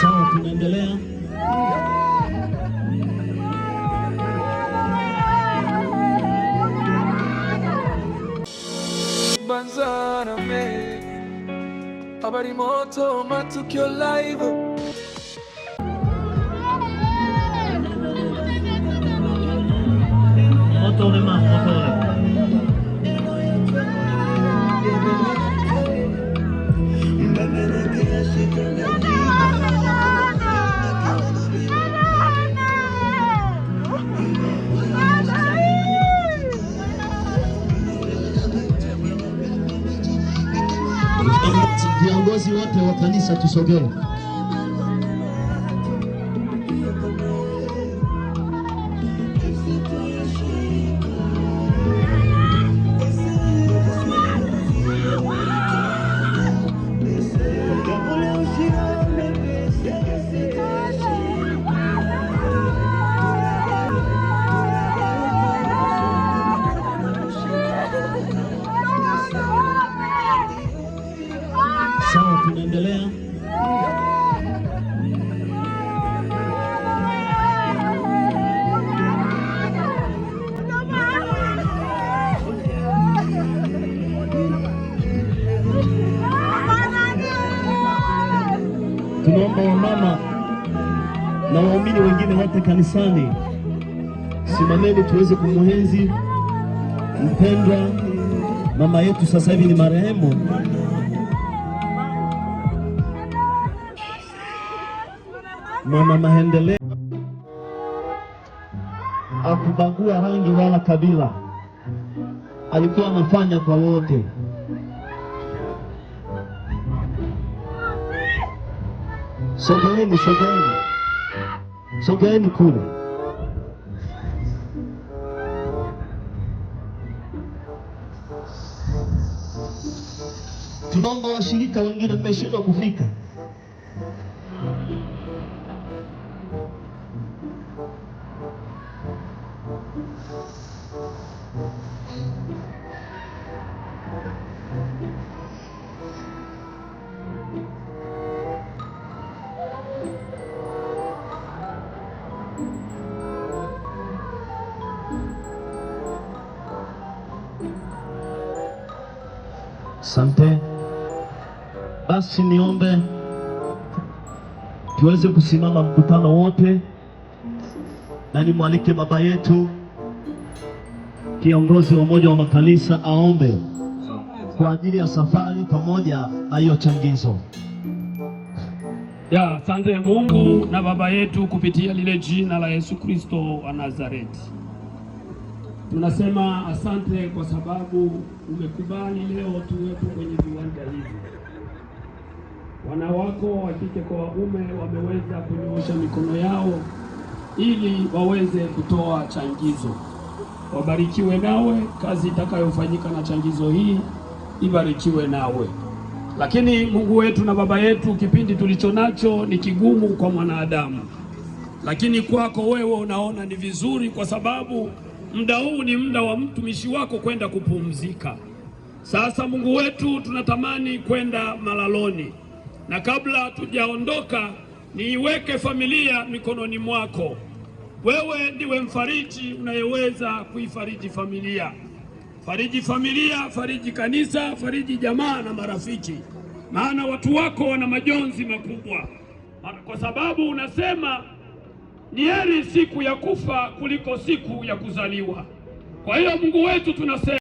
Sawa, tunaendelea. Banzarame habari moto, matukio live Viongozi wote wa kanisa tusogee. Sawa, tunaendelea. Tunaomba wamama na waumini wengine wote kanisani, simameni tuweze kumuenzi mpendwa mama yetu sasa hivi ni marehemu mama maendeleo akubagua rangi wala kabila, alikuwa anafanya kwa wote. Sogeeni, sogeeni, sogeeni kule. Tunaomba washirika wengine, mmeshindwa kufika. Asante. Basi niombe tuweze kusimama mkutano wote, na nimwalike baba yetu kiongozi wa umoja wa makanisa aombe kwa ajili ya safari pamoja na hiyo changizo ya. Asante Mungu na baba yetu kupitia lile jina la Yesu Kristo wa Nazareti tunasema asante kwa sababu umekubali leo tuwepo kwenye viwanja hivi. Wanawako wa kike kwa waume wameweza kunyoosha mikono yao ili waweze kutoa changizo. Wabarikiwe nawe, kazi itakayofanyika na changizo hii ibarikiwe nawe. Lakini Mungu wetu na Baba yetu, kipindi tulicho nacho ni kigumu kwa mwanadamu, lakini kwako wewe unaona ni vizuri kwa sababu Muda huu ni muda wa mtumishi wako kwenda kupumzika. Sasa Mungu wetu, tunatamani kwenda malaloni, na kabla tujaondoka niiweke familia mikononi mwako. Wewe ndiwe mfariji unayeweza kuifariji familia. Fariji familia, fariji kanisa, fariji jamaa na marafiki, maana watu wako wana majonzi makubwa, kwa sababu unasema ni heri siku ya kufa kuliko siku ya kuzaliwa. Kwa hiyo Mungu wetu tunasema